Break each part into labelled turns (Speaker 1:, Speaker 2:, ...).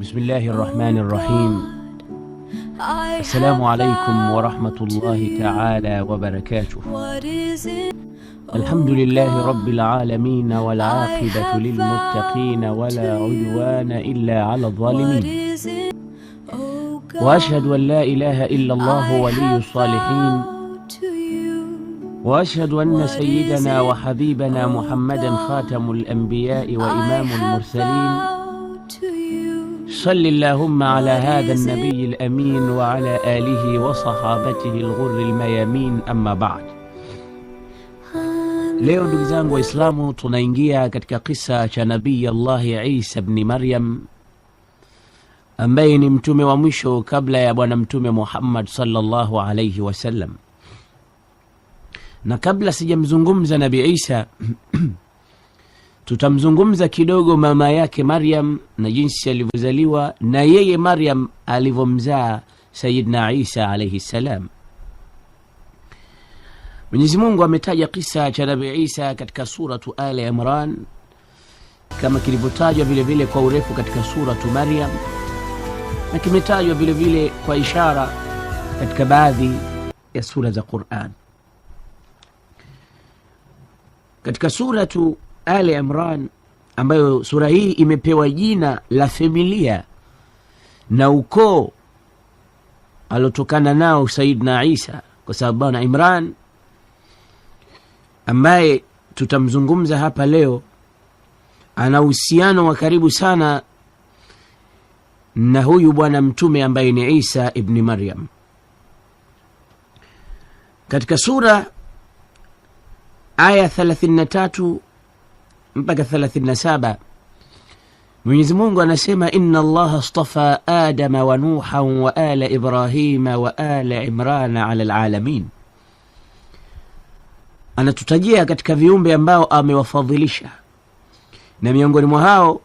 Speaker 1: بسم الله الرحمن الرحيم السلام عليكم ورحمة الله تعالى وبركاته الحمد لله رب العالمين والعاقبة للمتقين ولا عدوان إلا على الظالمين وأشهد أن لا إله إلا الله ولي الصالحين وأشهد أن سيدنا وحبيبنا محمدا خاتم الأنبياء وإمام المرسلين صل اللهم على هذا النبي الأمين وعلى آله وصحابته الغر الميامين أما بعد Leo ndugu zangu Waislamu, tunaingia katika kisa cha Nabii Allahi Isa bni Maryam ambaye ni mtume wa mwisho kabla ya Bwana Mtume Muhammad sallallahu alaihi wasallam, na kabla sijamzungumza Nabii Isa Tutamzungumza kidogo mama yake Maryam na jinsi alivyozaliwa na yeye Maryam alivyomzaa Sayyidina Isa alaihi ssalam. Mwenyezi Mungu ametaja kisa cha Nabi Isa katika Suratu Ali Imran kama kilivyotajwa vilevile kwa urefu katika Suratu Maryam na kimetajwa vile vile kwa ishara katika baadhi ya sura za Quran. Katika Suratu ali Imran ambayo sura hii imepewa jina la familia na ukoo alotokana nao Saidna Isa, kwa sababu bwana Imran ambaye tutamzungumza hapa leo ana uhusiano wa karibu sana na huyu bwana mtume ambaye ni Isa ibni Maryam. Katika sura aya 33 mpaka 37 Mwenyezi Mungu anasema inna Allaha stafa Adama wa nuhan wa ala Ibrahima wa ala Imrana ala lalamin anatutajia katika viumbe ambao amewafadhilisha na miongoni mwa hao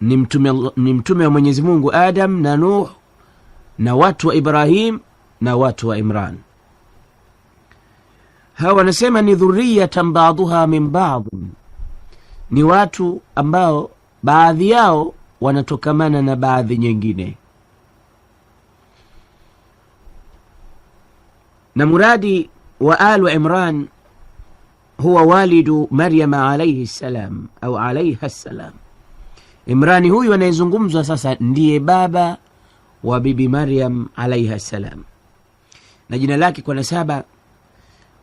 Speaker 1: ni mtume, ni mtume wa Mwenyezi Mungu Adam na Nuh na watu wa Ibrahim na watu wa Imran hawa wanasema ni dhuriyatan baaduha min baadhin, ni watu ambao baadhi yao wanatokamana na baadhi nyingine, na muradi wa Alu Imran huwa walidu Maryama alaihi salam au alaiha salam. Imrani huyu anayezungumzwa sasa ndiye baba wa bibi Maryam alaiha salam, na jina lake kwa nasaba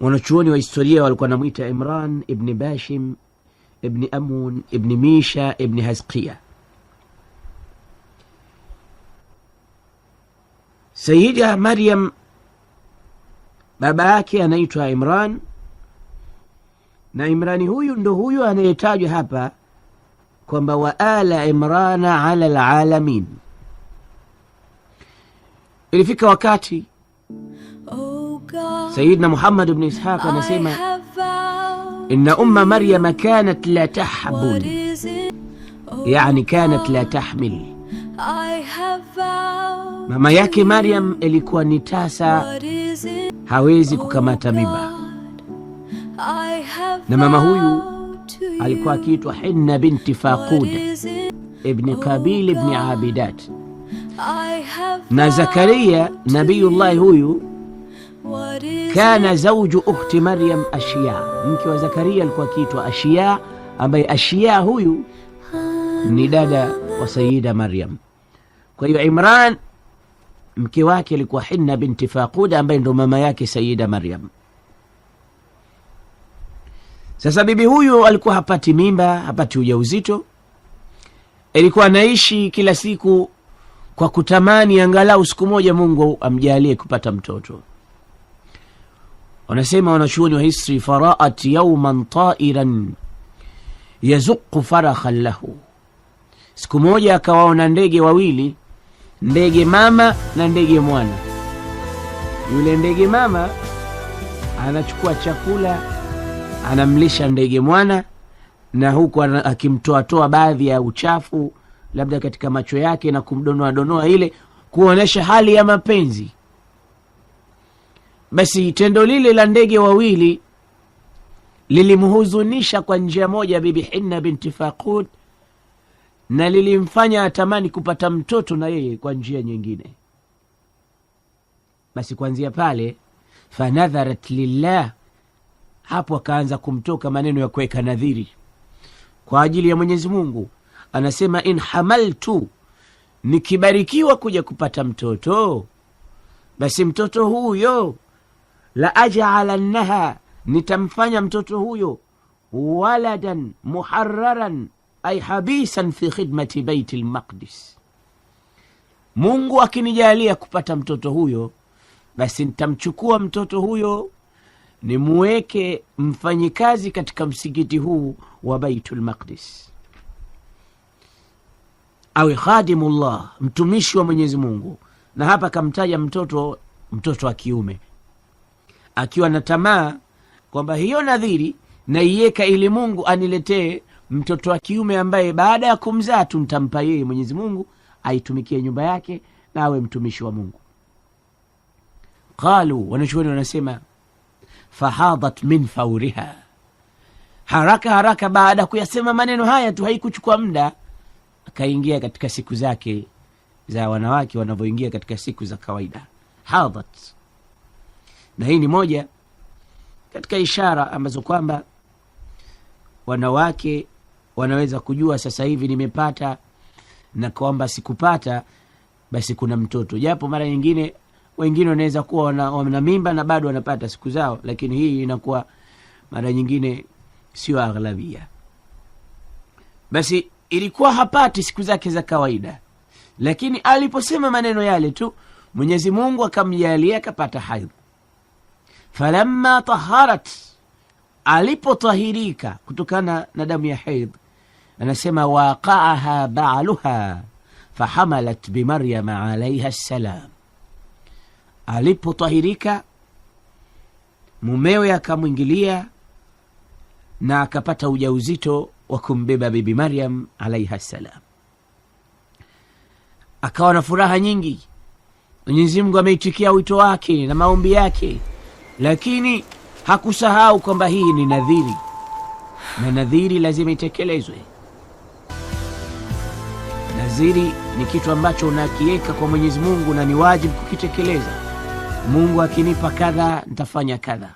Speaker 1: Wanachuoni wa historia walikuwa wanamwita Imran ibni Bashim ibni Amun ibni Misha ibni hazqia Sayida Maryam baba yake anaitwa Imran, na Imrani huyu ndo huyu anayetajwa hapa kwamba wa ala imrana ala lalamin. Ilifika wakati Sayyidna Muhammad ibn Ishaq anasema inna umma Maryama kanat la tahbun, oh yani kanat la tahmil. Mama yake Maryam ilikuwa ni tasa, hawezi oh kukamata mimba. Na mama huyu alikuwa akiitwa Hinna binti Faquda ibn Qabil oh ibn Abidat na Zakaria nabiyullahi huyu kana zauju ukhti Maryam ashiya mke wa Zakaria alikuwa akiitwa ashiya ambaye ashiya huyu ni dada wa Sayida Maryam. Kwa hiyo Imran mke wake alikuwa Hinna binti Faquda, ambaye ndo mama yake Sayida Maryam. Sasa bibi huyu alikuwa hapati mimba, hapati uja uzito alikuwa anaishi kila siku kwa kutamani angalau siku moja Mungu amjalie kupata mtoto wanasema wanachuoni wa hisri, faraat yauman tairan yazuqu farahan lahu, siku moja akawaona ndege wawili, ndege mama na ndege mwana. Yule ndege mama anachukua chakula anamlisha ndege mwana, na huku akimtoatoa baadhi ya uchafu labda katika macho yake na kumdonoadonoa, ile kuonyesha hali ya mapenzi. Basi tendo lile la ndege wawili lilimhuzunisha kwa njia moja Bibi Hinna binti Faqud, na lilimfanya atamani kupata mtoto na yeye kwa njia nyingine. Basi kuanzia pale, fanadharat lillah, hapo akaanza kumtoka maneno ya kuweka nadhiri kwa ajili ya Mwenyezi Mungu. Anasema, in hamaltu, nikibarikiwa kuja kupata mtoto, basi mtoto huyo la aj'alannaha, nitamfanya mtoto huyo waladan muharraran ay habisan fi khidmati baiti lmaqdis, Mungu akinijalia kupata mtoto huyo, basi nitamchukua mtoto huyo nimuweke mfanyikazi katika msikiti huu wa Baitul Maqdis, awe khadimullah, mtumishi wa Mwenyezi Mungu. Na hapa kamtaja mtoto, mtoto wa kiume akiwa na tamaa kwamba hiyo nadhiri naiweka ili Mungu aniletee mtoto wa kiume ambaye baada ya kumzaa tu ntampa yeye Mwenyezi Mungu aitumikie nyumba yake na awe mtumishi wa Mungu. Qalu, wanachuoni wanasema fahadat min fauriha, haraka haraka baada ya kuyasema maneno haya tu, haikuchukua muda akaingia katika siku zake za wanawake wanavyoingia katika siku za kawaida. Hadat na hii ni moja katika ishara ambazo kwamba wanawake wanaweza kujua sasa hivi nimepata na kwamba sikupata, basi kuna mtoto. Japo mara nyingine wengine wanaweza kuwa wana, wana mimba na bado wanapata siku zao, lakini hii inakuwa mara nyingine sio aghlabia. Basi ilikuwa hapati siku zake za kawaida, lakini aliposema maneno yale tu Mwenyezi Mungu akamjalia akapata haidh falamma taharat, alipotahirika kutokana na damu ya hedhi, anasema waqaaha baaluha fahamalat bimaryama alaiha ssalam, alipotahirika mumewe akamwingilia na akapata ujauzito wa kumbeba bibi Maryam alaiha ssalam, akawa na furaha nyingi. mwenyezimngu ameitikia wito wake na maombi yake lakini hakusahau kwamba hii ni nadhiri na nadhiri lazima itekelezwe. Nadhiri ni kitu ambacho unakiweka kwa Mwenyezi Mungu na ni wajibu kukitekeleza. Mungu akinipa kadha, ntafanya kadha.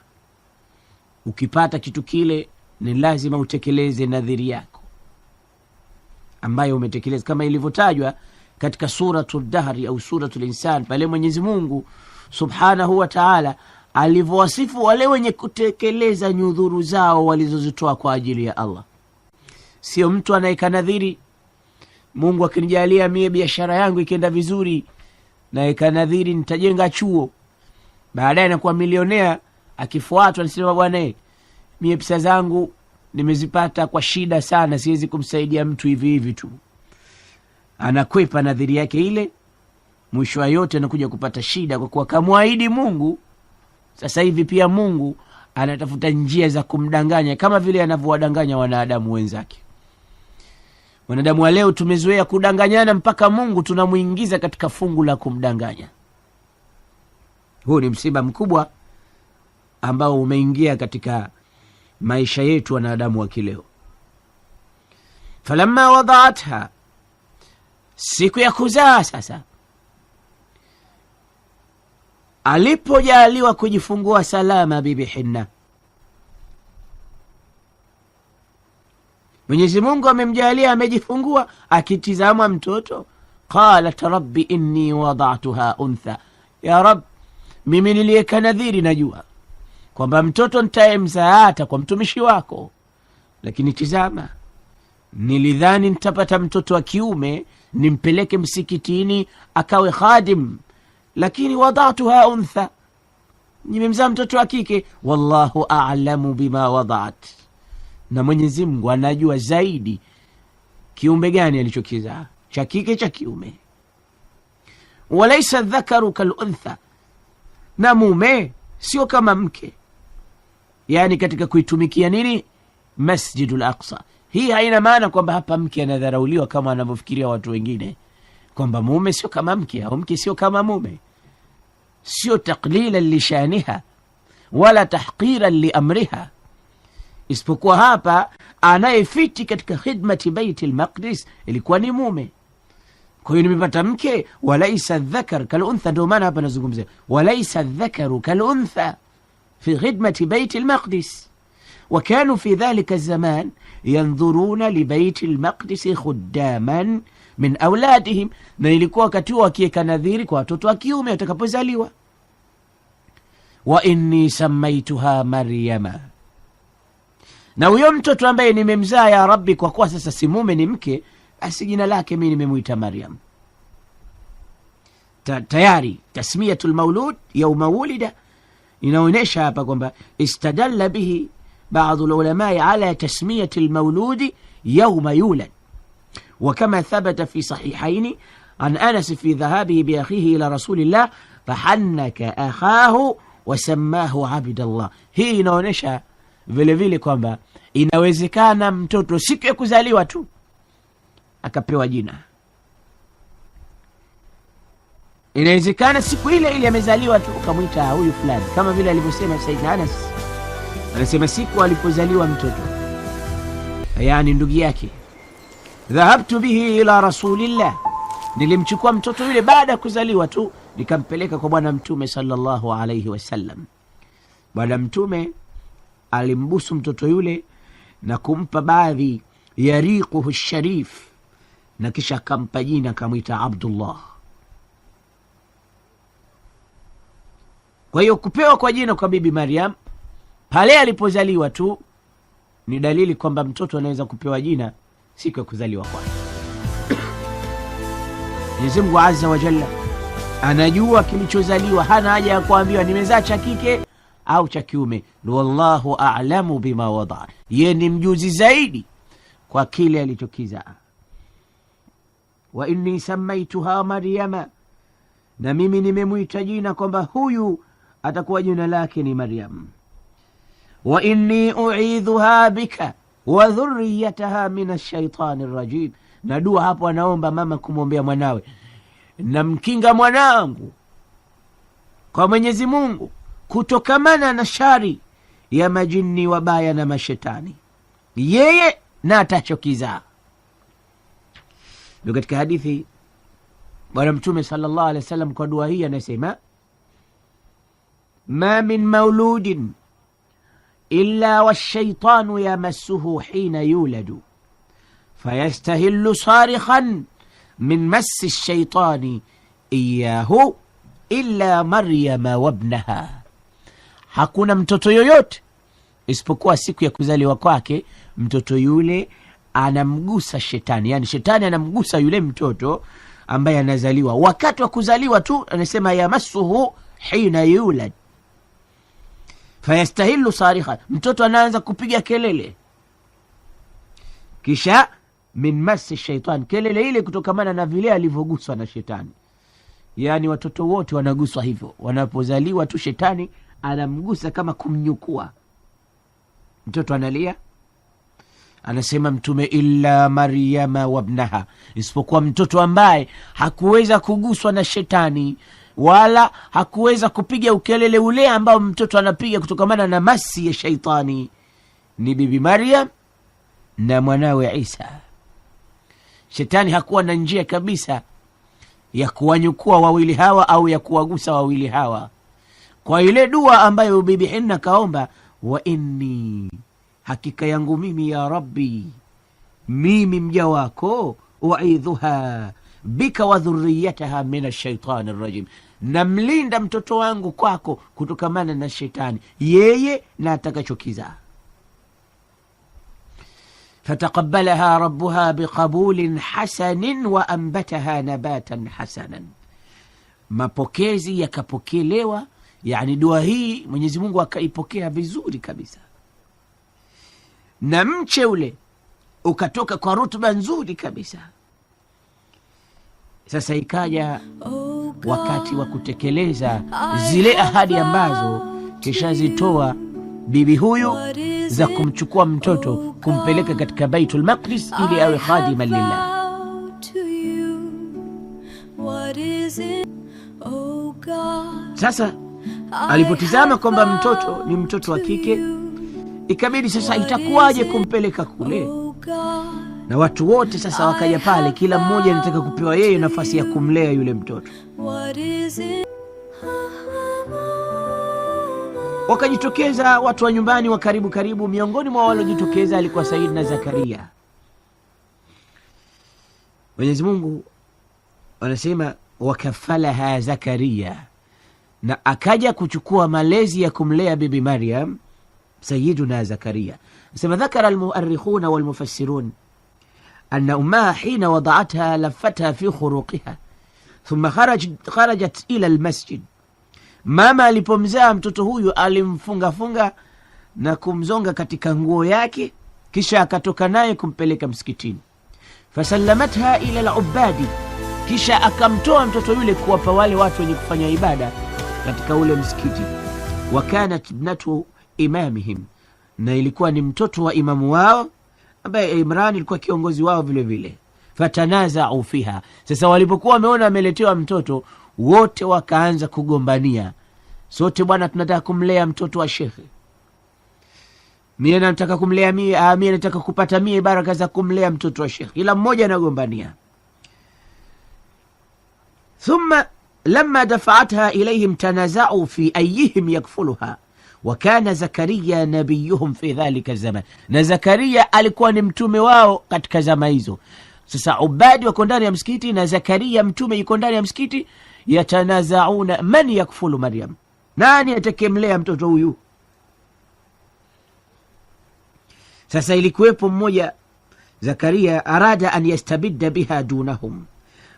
Speaker 1: Ukipata kitu kile, ni lazima utekeleze nadhiri yako ambayo umetekeleza, kama ilivyotajwa katika Suratu Dahri au Suratu Linsan, pale Mwenyezi Mungu subhanahu wataala alivyowasifu wale wenye kutekeleza nyudhuru zao walizozitoa kwa ajili ya Allah. Sio mtu anayekanadhiri, Mungu akinijalia mie biashara yangu ikienda vizuri, naekanadhiri nitajenga chuo, baadaye anakuwa milionea, akifuatwa nisema bwana, mie pisa zangu nimezipata kwa shida sana, siwezi kumsaidia mtu hivi hivi tu. Anakwepa nadhiri yake ile, mwisho wa yote anakuja kupata shida, kwa kuwa kamwahidi Mungu sasa hivi pia Mungu anatafuta njia za kumdanganya kama vile anavyowadanganya wanadamu wenzake. Wanadamu wa leo tumezoea kudanganyana mpaka Mungu tunamwingiza katika fungu la kumdanganya. Huu ni msiba mkubwa ambao umeingia katika maisha yetu wanadamu wa kileo. Falamma wadhaatha, siku ya kuzaa sasa alipojaliwa kujifungua salama Bibi Hinna, Mwenyezi Mungu amemjalia amejifungua, akitizama mtoto, qalat rabbi inni wadatuha untha, ya Rab, mimi niliweka nadhiri, najua kwamba mtoto ntayemzaata kwa mtumishi wako, lakini tizama, nilidhani ntapata mtoto wa kiume nimpeleke msikitini akawe khadim lakini wadatuha untha, nimemzaa mtoto wa kike. Wallahu alamu bima wadaat, na Mwenyezi Mungu anajua zaidi kiumbe gani alichokizaa cha kike cha kiume. Walaisa dhakaru kaluntha, na mume sio kama mke. Yani katika kuitumikia nini masjidu laksa hii haina maana kwamba hapa mke anadharauliwa kama anavyofikiria watu wengine kwamba mume sio kama mke au mke sio kama mume sio taklila lishaniha wala tahqiran liamriha isipokuwa hapa anayefiti katika khidmati baiti lmaqdis ilikuwa ni mume kwa hiyo nimepata mke walaisa dhakar kaluntha ndio maana hapa nazungumzia walaisa dhakaru kaluntha fi khidmati baiti lmaqdis وكانوا في ذلك الزمان ينظرون لبيت المقدس خداما min auladihim, na ilikuwa wakati huo wakiweka nadhiri kwa watoto wa kiume watakapozaliwa. wa inni samaituha Maryama, na huyo mtoto ambaye nimemzaa, ya Rabbi, kwa kuwa sasa si mume ni mke, basi jina lake mi nimemwita Maryam. Ta, tayari tasmiyatul lmaulud yauma wulida inaonyesha hapa kwamba istadalla bihi badu lulamai ala tasmiyati lmauludi yauma yulad وكما ثبت في صحيحين عن أنس في ذهابه بأخيه إلى رسول الله فحنك أخاه wasammahu abdallah. Hii inaonyesha vilevile kwamba inawezekana mtoto siku ya kuzaliwa tu akapewa jina, inawezekana siku ile ile amezaliwa tu ukamwita huyu fulani, kama vile alivyosema Said Anas, anasema siku alipozaliwa mtoto, yaani ndugu yake dhahabtu bihi ila rasulillah, nilimchukua mtoto yule baada ya kuzaliwa tu nikampeleka kwa Bwana Mtume sallallahu alaihi wasallam. Bwana Mtume alimbusu mtoto yule na kumpa baadhi ya riquhu sharif, na kisha akampa jina akamwita Abdullah. Kwa hiyo kupewa kwa jina kwa Bibi Maryam pale alipozaliwa tu ni dalili kwamba mtoto anaweza kupewa jina siku ya kuzaliwa kwake. Mwenyezi aza wajalla anajua kilichozaliwa, hana haja ya kuambiwa nimezaa cha kike au cha kiume. wallahu a'lamu bima wadaa, ye ni mjuzi zaidi kwa kile alichokizaa. Wa inni samaituha Maryama, na mimi nimemwita jina kwamba huyu atakuwa jina lake ni Maryam. Wa inni uidhuha bika wa min ashaitani rajim. Na dua hapo anaomba mama kumwombea mwanawe, namkinga mwanangu kwa Mwenyezi Mungu kutokamana na shari ya majini wabaya na mashetani, yeye na atachokizaa. Ndio katika hadithi Bwana Mtume sallallahu alaihi wasallam kwa dua hii anasema ma min mauludin illa washaitanu yamassuhu hina yuladu fayastahillu sarikhan min massi lshaitani iyahu illa Maryama wabnaha, hakuna mtoto yoyote isipokuwa siku ya kuzaliwa kwake mtoto yule anamgusa shetani, yani shetani anamgusa yule mtoto ambaye anazaliwa. Wakati wa kuzaliwa tu anasema yamassuhu hina yulad fayastahilu sariha, mtoto anaanza kupiga kelele, kisha min masi shaitan, kelele ile kutokamana na vile alivyoguswa na shetani. Yaani watoto wote wanaguswa hivyo, wanapozaliwa tu shetani anamgusa kama kumnyukua, mtoto analia. Anasema Mtume, illa Maryama wabnaha, isipokuwa mtoto ambaye hakuweza kuguswa na shetani wala hakuweza kupiga ukelele ule ambao mtoto anapiga kutokamana na masi ya shaitani. Ni Bibi Maryam na mwanawe Isa. Shetani hakuwa na njia kabisa ya kuwanyukua wawili hawa au ya kuwagusa wawili hawa, kwa ile dua ambayo Bibi Hinna kaomba, wa inni, hakika yangu mimi, ya Rabbi, mimi mja wako, uidhuha bika wa dhuriyataha min alshaitani rajim, namlinda mtoto wangu kwako kutokamana na shetani yeye na atakachokizaa. fataqabalaha rabuha biqabulin hasanin wa ambataha nabatan hasanan, mapokezi yakapokelewa. Yani dua hii Mwenyezi Mungu akaipokea vizuri kabisa, na mche ule ukatoka kwa rutuba nzuri kabisa. Sasa ikaja oh wakati wa ah, kutekeleza zile ahadi ambazo kishazitoa bibi huyu za kumchukua mtoto oh, kumpeleka katika Baitul Maqdis ili awe khadima lillah. Oh, sasa alipotizama kwamba mtoto ni mtoto wa kike, ikabidi sasa itakuwaje kumpeleka kule oh, na watu wote sasa wakaja pale, kila mmoja anataka kupewa yeye nafasi ya kumlea yule mtoto. Wakajitokeza watu wa nyumbani wa karibu karibu. Miongoni mwa waliojitokeza alikuwa Said na Zakaria. Mwenyezi Mungu wanasema wakafalaha Zakaria, na akaja kuchukua malezi ya kumlea bibi Maryam Sayiduna Zakaria. Sema dhakara almuarikhuna walmufassirun أن أمها حين وضعتها لفتها في خروقها ثم خرج خرجت ila almasjid mama alipomzaa mtoto huyu alimfungafunga na kumzonga katika nguo yake kisha akatoka naye kumpeleka msikitini fasallamatha ila lubadi kisha akamtoa mtoto yule kuwapa wale watu wenye kufanya ibada katika ule msikiti wakanat bnatu imamihim na ilikuwa ni mtoto wa imamu wao ambaye Imran ilikuwa kiongozi wao vile vile. Fatanazau fiha, sasa walipokuwa wameona ameletewa mtoto wote wakaanza kugombania, sote bwana, tunataka kumlea mtoto wa shekhe, mie nataka kumlea mie, ah, mie nataka kupata mie baraka za kumlea mtoto wa shekhe. Kila mmoja anagombania. Thumma lamma dafaatha ilaihim tanazau fi ayihim yakfuluha wakana Zakaria nabiyuhum fi dhalika zaman, na Zakaria alikuwa ni mtume wao katika zama hizo. Sasa ubadi wako ndani ya msikiti na Zakaria mtume yuko ndani ya msikiti, yatanazauna man yakfulu Maryam, nani atakemlea mtoto huyu? Sasa ilikuwepo mmoja Zakaria arada an yastabidda biha dunahum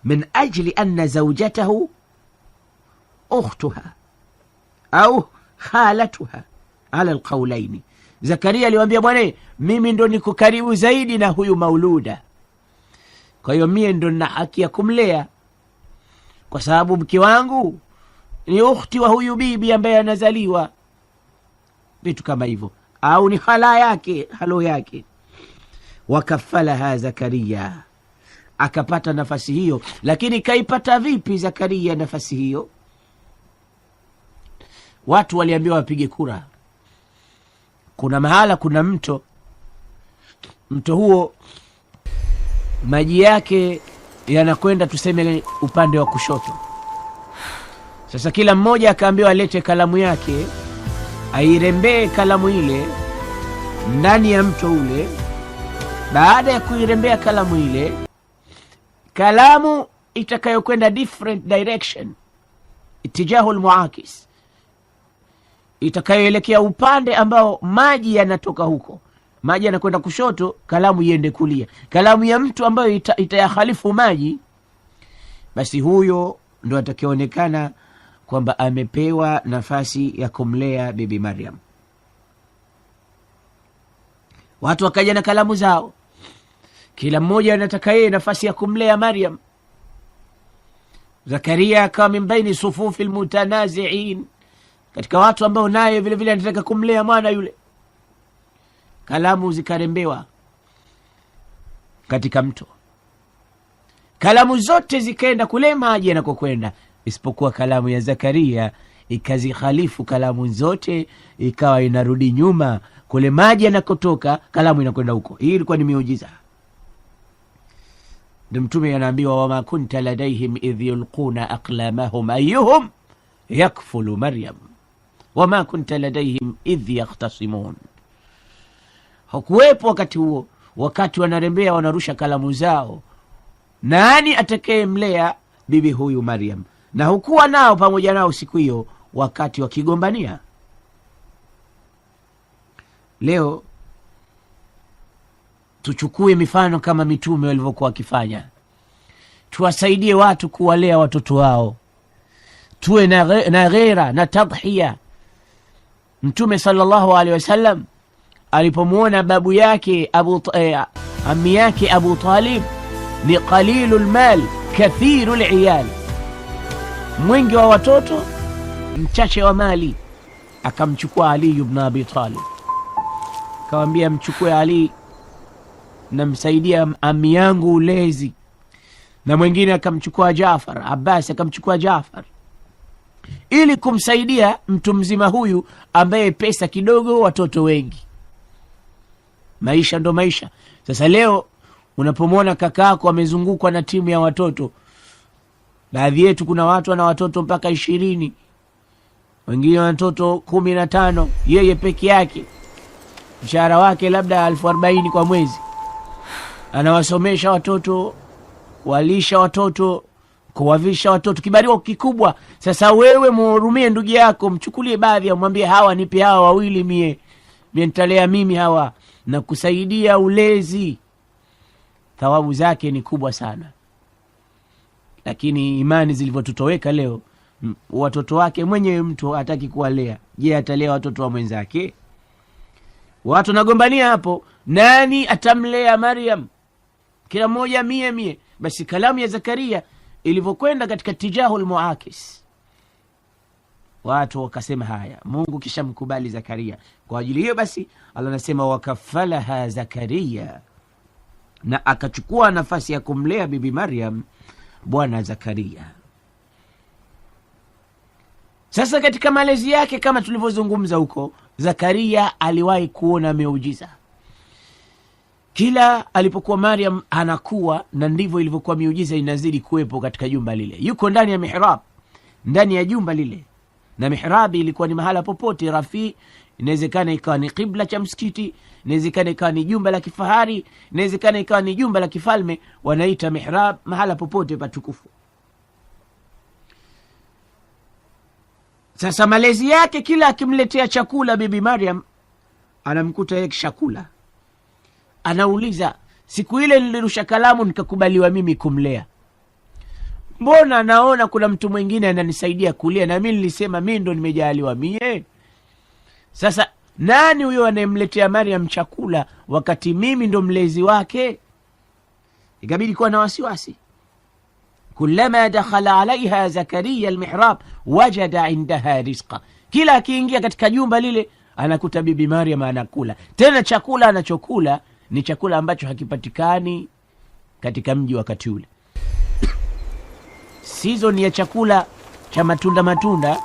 Speaker 1: min ajli anna zaujatahu ukhtuha au khalatuha ala lqaulaini Zakaria aliwambia bwana, mimi ndo niko karibu zaidi na huyu mauluda, kwa hiyo mie ndo nina haki ya kumlea kwa sababu mke wangu ni ukhti wa huyu bibi ambaye anazaliwa, vitu kama hivyo, au ni hala yake halo yake. Wakafalaha Zakaria, akapata nafasi hiyo. Lakini kaipata vipi Zakaria nafasi hiyo? watu waliambiwa wapige kura. Kuna mahala kuna mto, mto huo maji yake yanakwenda tuseme upande wa kushoto. Sasa kila mmoja akaambiwa alete kalamu yake airembee kalamu ile ndani ya mto ule. Baada ya kuirembea kalamu ile, kalamu itakayokwenda different direction, itijahu lmuakisi itakayoelekea upande ambao maji yanatoka huko maji yanakwenda kushoto, kalamu iende kulia. Kalamu ya mtu ambayo itayahalifu ita maji, basi huyo ndo atakionekana kwamba amepewa nafasi ya kumlea Bibi Maryam. Watu wakaja na kalamu zao, kila mmoja anataka yeye nafasi ya kumlea Maryam. Zakaria akawa min baini sufufi lmutanaziin katika watu ambao naye vilevile anataka kumlea mwana yule. Kalamu zikarembewa katika mto, kalamu zote zikaenda kule maji anakokwenda isipokuwa kalamu ya Zakaria ikazihalifu kalamu zote, ikawa inarudi nyuma kule maji anakotoka kalamu inakwenda huko. Hii ilikuwa ni miujiza. Ndo Mtume anaambiwa wama kunta ladaihim idh yulquna aklamahum ayuhum yakfulu Maryam wama kunta ladaihim idh yakhtasimun hakuwepo wakati huo, wakati wanarembea wanarusha kalamu zao, nani atakayemlea bibi huyu Maryam? Na hukuwa nao pamoja nao siku hiyo wakati wakigombania. Leo tuchukue mifano kama mitume walivyokuwa wakifanya, tuwasaidie watu kuwalea watoto wao, tuwe na, na ghera na tadhia Mtume sallallahu alehi wasallam alipomwona babu yake Abu, eh, ammi yake Abu Talib ni qalilu lmal kathiru iyal, mwingi wa watoto mchache wa mali. Akamchukua Ali ibn Abi Talib, akamwambia mchukue Ali, namsaidia ami yangu ulezi. Na mwingine akamchukua jafar Abbas akamchukua jafar ili kumsaidia mtu mzima huyu ambaye pesa kidogo, watoto wengi. Maisha ndo maisha. Sasa leo unapomwona kakaako amezungukwa na timu ya watoto, baadhi yetu kuna watu ana watoto mpaka ishirini, wengine watoto kumi na tano, yeye peke yake, mshahara wake labda elfu arobaini kwa mwezi, anawasomesha watoto, walisha watoto kuwavisha watoto, kibarua kikubwa. Sasa wewe muhurumie ndugu yako, mchukulie baadhi, amwambie hawa nipe hawa wawili, mie mie ntalea mimi hawa, na kusaidia ulezi, thawabu zake ni kubwa sana. Lakini imani zilivyotutoweka leo, watoto wake mwenyewe mtu hataki kuwalea. Je, atalea watoto wa mwenzake? Watu wanagombania hapo, nani atamlea Maryam? Kila mmoja mie mie. Basi kalamu ya Zakaria ilivyokwenda katika tijahul muakis, watu wakasema haya, Mungu kisha mkubali Zakaria. Kwa ajili hiyo basi, ala nasema wakafalaha Zakaria, na akachukua nafasi ya kumlea bibi Maryam bwana Zakaria. Sasa katika malezi yake, kama tulivyozungumza huko, Zakaria aliwahi kuona miujiza. Kila alipokuwa Mariam anakuwa, na ndivyo ilivyokuwa miujiza inazidi kuwepo katika jumba lile. Yuko ndani ya mihrab, ndani ya jumba lile, na mihrabi ilikuwa ni mahala popote rafii inawezekana ikawa ni kibla cha msikiti, inawezekana ikawa ni jumba la kifahari, inawezekana ikawa ni jumba la kifalme, wanaita mihrab, mahala popote patukufu. Sasa malezi yake, kila akimletea chakula Bibi Mariam anamkuta yeye kishakula Anauliza, siku ile nilirusha kalamu nikakubaliwa mimi kumlea, mbona naona kuna mtu mwingine ananisaidia kulia na mi nilisema mi ndo nimejaaliwa mie. Sasa nani huyo anayemletea Mariam chakula wakati mimi ndo mlezi wake? Ikabidi kuwa na wasiwasi. kulama dakhala alaiha Zakariya almihrab wajada indaha rizqa, kila akiingia katika jumba lile anakuta Bibi Mariam anakula, tena chakula anachokula ni chakula ambacho hakipatikani katika mji wakati ule. Sizoni ya chakula cha matunda matunda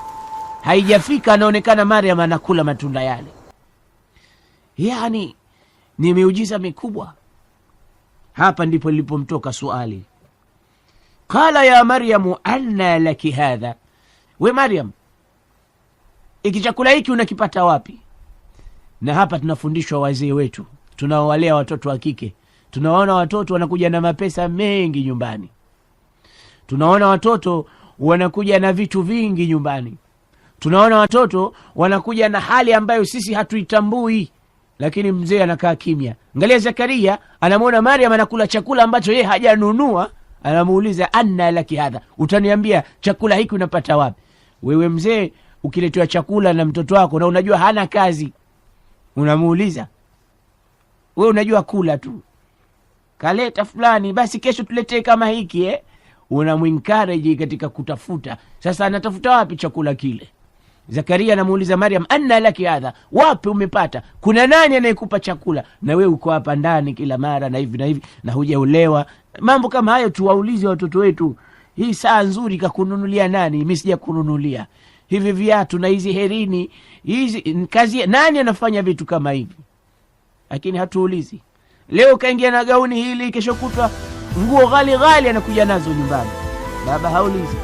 Speaker 1: haijafika, anaonekana Mariam anakula matunda yale. Yani ni miujiza mikubwa. Hapa ndipo lilipomtoka suali, qala ya Maryamu anna laki hadha, we Mariam, iki chakula hiki unakipata wapi? Na hapa tunafundishwa wazee wetu tunaowalea watoto wa kike, tunawaona watoto wanakuja na mapesa mengi nyumbani, tunaona watoto wanakuja na vitu vingi nyumbani, tunaona watoto wanakuja na hali ambayo sisi hatuitambui, lakini mzee anakaa kimya. ngalia Zakaria, anamwona Mariam anakula chakula ambacho yee hajanunua, anamuuliza anna laki hadha, utaniambia chakula hiki unapata wapi? Wewe mzee ukiletewa chakula na mtoto wako na unajua hana kazi, unamuuliza we unajua kula tu kaleta fulani basi kesho tuletee kama hiki eh? unamwenkareji katika kutafuta sasa anatafuta wapi chakula kile zakaria anamuuliza mariam anna laki hadha wapi umepata kuna nani anayekupa chakula na we uko hapa ndani kila mara na hivi na hivi na hujaolewa mambo kama hayo tuwaulize watoto wetu hii saa nzuri kakununulia nani mi sija kununulia hivi viatu na hizi herini hizi kazi nani anafanya vitu kama hivi lakini hatuulizi. Leo kaingia na gauni hili, kesho kutwa nguo ghali ghali anakuja nazo nyumbani. Baba haulizi,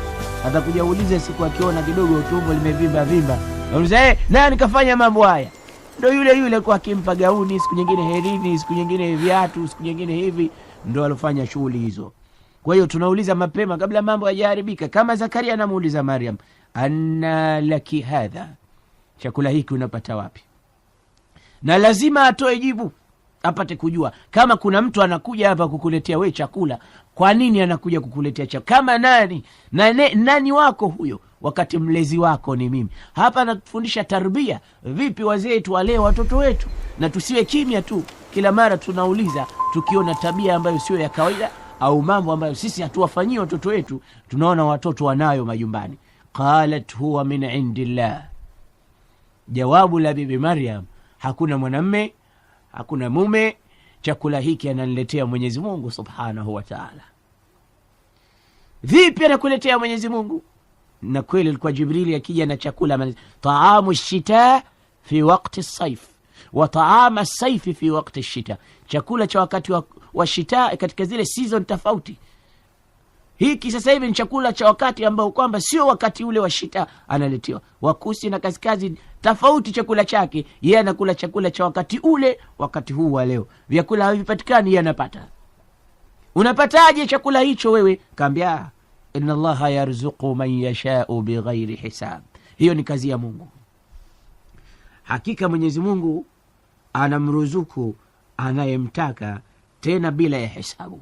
Speaker 1: atakuja uulize siku akiona kidogo utumbo limevimba vimba, nauliza eh, nani kafanya mambo haya? Ndo yule yule kwa akimpa gauni, siku nyingine herini, siku nyingine viatu, siku nyingine hivi, ndo alofanya shughuli hizo. Kwa hiyo tunauliza mapema kabla mambo hayajaharibika, kama Zakaria anamuuliza Mariam, anna laki hadha, chakula hiki unapata wapi? na lazima atoe jibu apate kujua kama kuna mtu anakuja hapa kukuletea we chakula, kwa nini anakuja kukuletea chakula? Kama nani nane, nani wako huyo, wakati mlezi wako ni mimi. Hapa anatufundisha tarbia, vipi wazee tuwalee watoto wetu, na tusiwe kimya tu kila mara tunauliza, tukiona tabia ambayo sio ya kawaida au mambo ambayo sisi hatuwafanyii watoto wetu, tunaona watoto wanayo majumbani. Qalat huwa min indillah, jawabu la Bibi Maryam hakuna mwanamme, hakuna mume, chakula hiki ananiletea Mwenyezi Mungu subhanahu wa taala. Vipi anakuletea Mwenyezi Mungu? Na kweli alikuwa Jibrili akija na chakula, taamu shita fi wakti saif wa taama saifi fi wakti shita, chakula cha wakati wa, wa shita katika zile season tofauti hiki sasa hivi ni chakula cha wakati ambao kwamba sio wakati ule wa shita. Analetewa Wakusi na Kaskazi tofauti chakula chake, yeye anakula chakula cha wakati ule, wakati huu wa leo vyakula havipatikani, yeye anapata. Unapataje chakula hicho wewe? Kaambia, inna Allaha yarzuqu man yashau bighairi hisab, hiyo ni kazi ya Mungu. Hakika Mwenyezi Mungu anamruzuku anayemtaka tena bila ya hesabu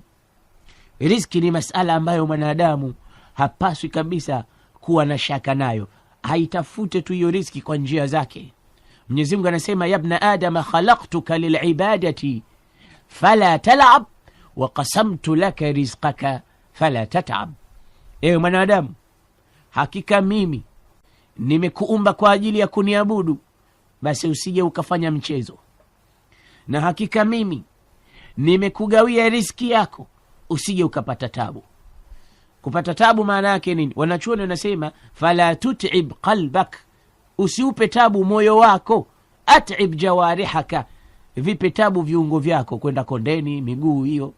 Speaker 1: riski ni masala ambayo mwanadamu hapaswi kabisa kuwa na shaka nayo, haitafute tu hiyo riski kwa njia zake. Mwenyezi anasema yabna adama khalaktuka lilibadati fala talab wa laka rizqaka fala tatab, ewe mwanadamu, hakika mimi nimekuumba kwa ajili ya kuniabudu, basi usije ukafanya mchezo, na hakika mimi nimekugawia riski yako usije ukapata tabu. Kupata tabu maana yake nini? Wanachuoni wanasema fala tutib qalbak, usiupe tabu moyo wako. Atib jawarihaka, vipe tabu viungo vyako, kwenda kondeni, miguu hiyo,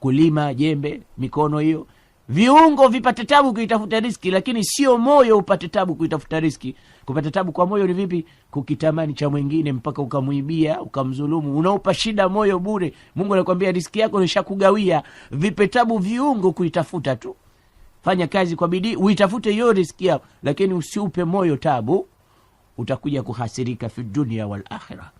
Speaker 1: kulima jembe, mikono hiyo viungo vipate tabu kuitafuta riski, lakini sio moyo upate tabu kuitafuta riski. Kupata tabu kwa moyo ni vipi? Kukitamani cha mwingine mpaka ukamwibia, ukamzulumu unaupa shida moyo bure. Mungu anakwambia riski yako nishakugawia, vipe tabu viungo kuitafuta tu. Fanya kazi kwa bidii uitafute hiyo riski yao lakini usiupe moyo tabu, utakuja kuhasirika fi dunia wal akhira.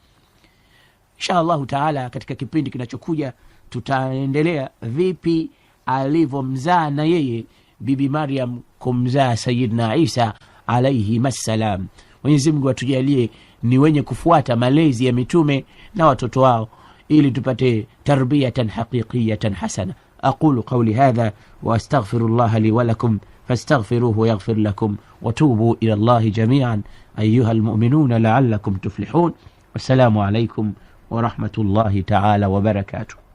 Speaker 1: Insha allahu taala, katika kipindi kinachokuja tutaendelea vipi alivyomzaa na yeye Bibi Maryam kumzaa Sayidna Isa alaihim assalam. Mwenyezi Mungu atujalie ni wenye kufuata malezi ya mitume na watoto wao ili tupate tarbiyatan haqiqiyatan hasana. aqulu qawli hadha wa astaghfiru llaha li wa lakum fastaghfiruhu yaghfir lakum watubu ila llahi jamian ayuha lmuminuna laallakum tuflihun. Wassalamu alaikum wa rahmatullahi taala wa barakatuh.